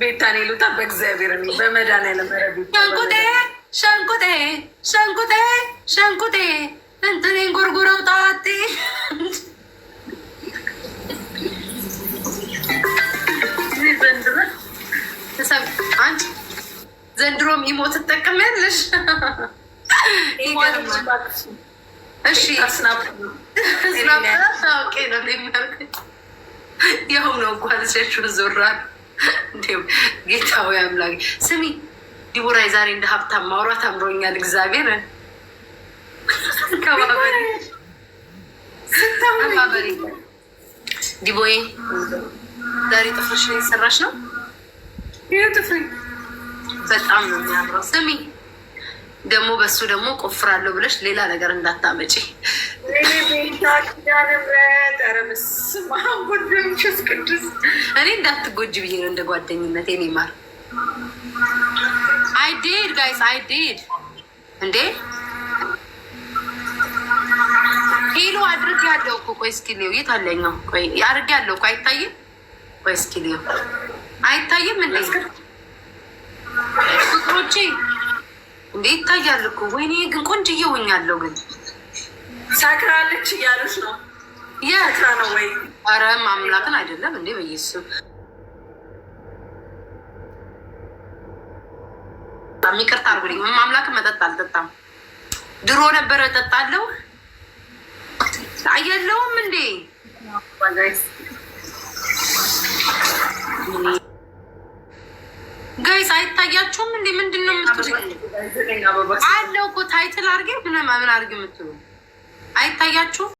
ቤታኔ ይሉታ በእግዚአብሔር በመዳን ያለመረብ ሸንቁጤ ሸንቁጤ ሸንቁጤ ሸንቁጤ እንትኔን ጎርጉረው ጣዋጤ ዘንድሮም ኢሞ ትጠቀሚያለሽ። እሺ ስናፕ ኦኬ ነው የሚያርገኝ ያው ነው እኮ አልሸሹን ዞራ ጌታ ወይ አምላክ ስሚ ዲቦራ የዛሬ እንደ ሀብታም ማውራት አምሮኛል። እግዚአብሔር ከባበሪ ዲቦዬ ዛሬ ጥፍርሽ ነው የሰራሽ ነው በጣም ነው የሚያምረው። ስሚ ደግሞ በሱ ደግሞ ቆፍራለሁ ብለሽ ሌላ ነገር እንዳታመጪ። እኔ እንዳትጎጅ ብዬ ነው እንደ ጓደኝነት የኔ ማር ጋይስ እንዴ ሄሎ አድርግ ያለው እኮ ቆይ እስኪ ልየው የት ቆይ አድርግ ያለው እኮ አይታይም ቆይ እስኪ ልየው አይታይም እንዴ ቁጥሮቼ እንዴ ይታያል እኮ ወይኔ ግን ቆንጅዬ ሆኛለሁ ግን ሰክራለች እያሉች ነው። የትራ ነው ወይ? አረ ማምላክን አይደለም እንዴ በየሱ ይቅርታ አድርጉልኝ። ማምላክ መጠጥ አልጠጣም። ድሮ ነበረ እጠጣለሁ አየለውም እንዴ ጋይስ አይታያችሁም እንዴ? ምንድን ነው የምትሉ አለው እኮ ታይትል አድርጌ ምን አድርጌ የምትሉ አይታያችሁ